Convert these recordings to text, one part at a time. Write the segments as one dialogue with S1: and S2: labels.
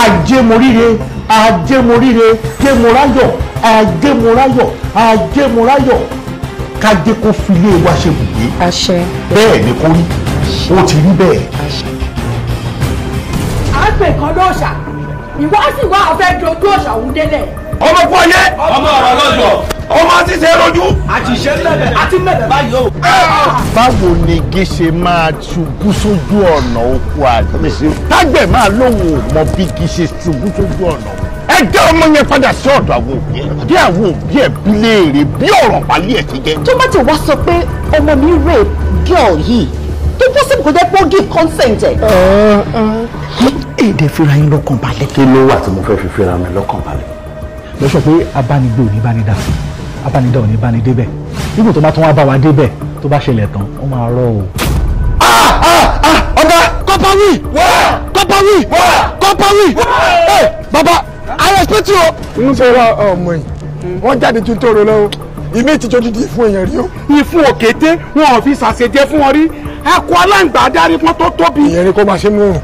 S1: ajémoríre ajémoríre jémoráyọ̀ ajémoráyọ̀ ajémoráyọ̀ kájé kó filé wa ṣe bùgbé bẹ́ẹ̀ ni kó rí ó ti rí bẹ́ẹ̀. àgbẹ̀ kan lọ́ọ̀ṣà ìwọ́sìwọ́ àwọn fẹ́ẹ́ dojú ọ̀ṣà òun délẹ̀ ọmọ kú ọyẹ ọmọ ọ̀rọ̀ lọ́jọ́ ọmọ ṣíṣe rojú. àṣìṣe mẹ́lẹ̀ àti mẹ́lẹ̀ báyìí o. báwo ni igi ṣe máa ṣubú sójú ọ̀nà oko àgbèsè tágbẹ̀ máa lóhùn ò mọ bí igi ṣe ṣubú sójú ọ̀nà oko ẹ dá ọmọ yẹn padà sí ọ̀dọ̀ àwọn òbí ẹ̀ bí àwọn òbí ẹ̀ bí léèrè bí ọ̀rọ̀ pálí ẹ̀ ti jẹ́. tó bá ti wá sọ pé ọmọ mi rape girl yìí tó possible kò jẹ́ pé ó give consent ẹ̀. èdè fira yín lọ́kàn balẹ̀. kí ló wà tí mo fẹ́ fi fira mi lọ́kàn balẹ̀ lọ sọ pé abánigbé ò ní bánidà abánidà ò ní bánidébẹ̀ nígbà tó bá tún wá bá wa débẹ̀ tó bá ṣẹlẹ̀ tán ó máa rọ o. Ah, ah, ah, ọ̀gá kọ́páwì kọ́páwì kọ́páwì bàbá i respect you. inú sọ wá oh, ọmọ yìí hmm. wọ́n jáde ju tó rọ lọ́wọ́ ìmí ti jọjú di ìfún èèyàn rí o. ìfún òkété wọn ò fi ṣàṣejẹ fún wọn rí ẹkọ aláǹgbá adarí pọn tó tóbi. ìyẹn ni kò máa ṣe mú un.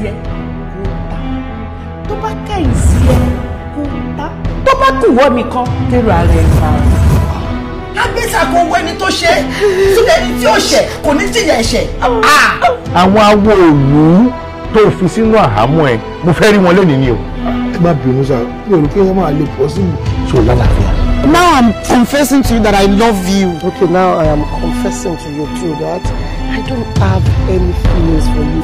S1: sí ẹ kó ta tó bá kẹ̀yìn sí ẹ ta tó bá kùwọ́ mi kan kérò ara ẹ fà lágbèsà kò wọ ẹni tó ṣe sílẹ̀ ẹni tí ó ṣẹ̀ kò ní jìyà ẹ̀ṣẹ̀. àwọn awo òwú tó fi sínú àhámọ́ ẹ mo fẹ́ rí wọn lónìí ni o. ẹ má bínú sáà mi ò rò pé wọ́n máa lè pọ̀ sí mi. ṣòlá làbẹ́. Now I'm confessing to you that I love you. Okay, now I am confessing to you too that I don't have any feelings for you.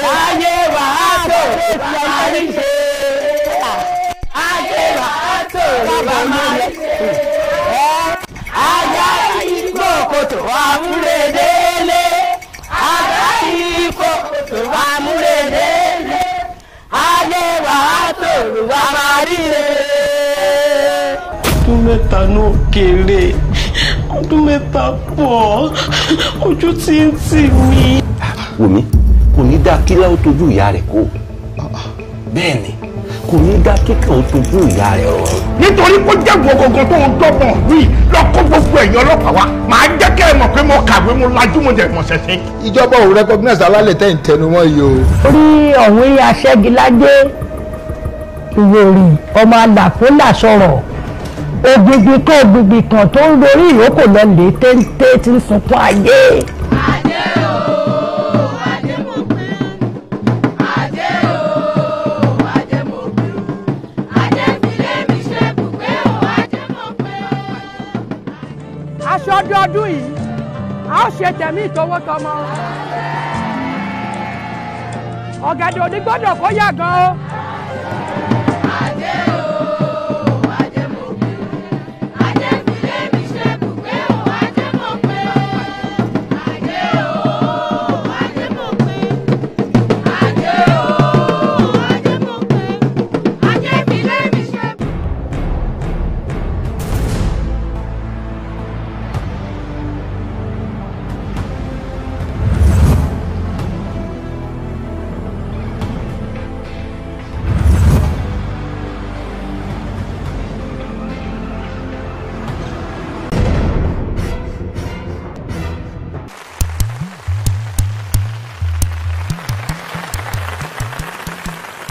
S1: Ayé wàá tó. Yorùbá máa ríre. ọdún mẹ́ta náà kéré ọdún mẹ́ta pọ̀ ojú tí ń tì mí. wòmí kò ní dá kílá ó tójú ìyá rẹ̀ kó bẹ́ẹ̀ ni kò ní dá kíkà ó tójú ìyá rẹ̀ ọ̀rọ̀. nítorí kó jẹ́ gbọ̀ngàn tó ń dọ́gbọ̀n yìí lọ́kọ́ gbogbo ẹ̀yìn ọlọ́pàá wa máa jẹ́ kẹ́ ẹ mọ̀ pé mo kàwé mo lajú mo dẹ̀ mọ̀ ṣẹ̀ṣẹ̀. ìjọba ò rẹ́kọ̀gínẹ́sì alálẹ̀ tẹ̀ ń tẹnu mọ́ yìí o. orí ọ̀hún yà ṣẹ́gi lájẹ́ ìwòrì ọmọ àlàfólà sọ̀rọ̀ ògbìgbì kan ògbìgbì kan tó ń dorí ìyókò lọ lè téńté ti ń sunkún ayé. aṣọ ọdún ọdún yìí a ó ṣe tẹ̀mí ìtọwọ́tọmọ ọ̀gẹ̀dẹ̀ òní kó yà gan-an.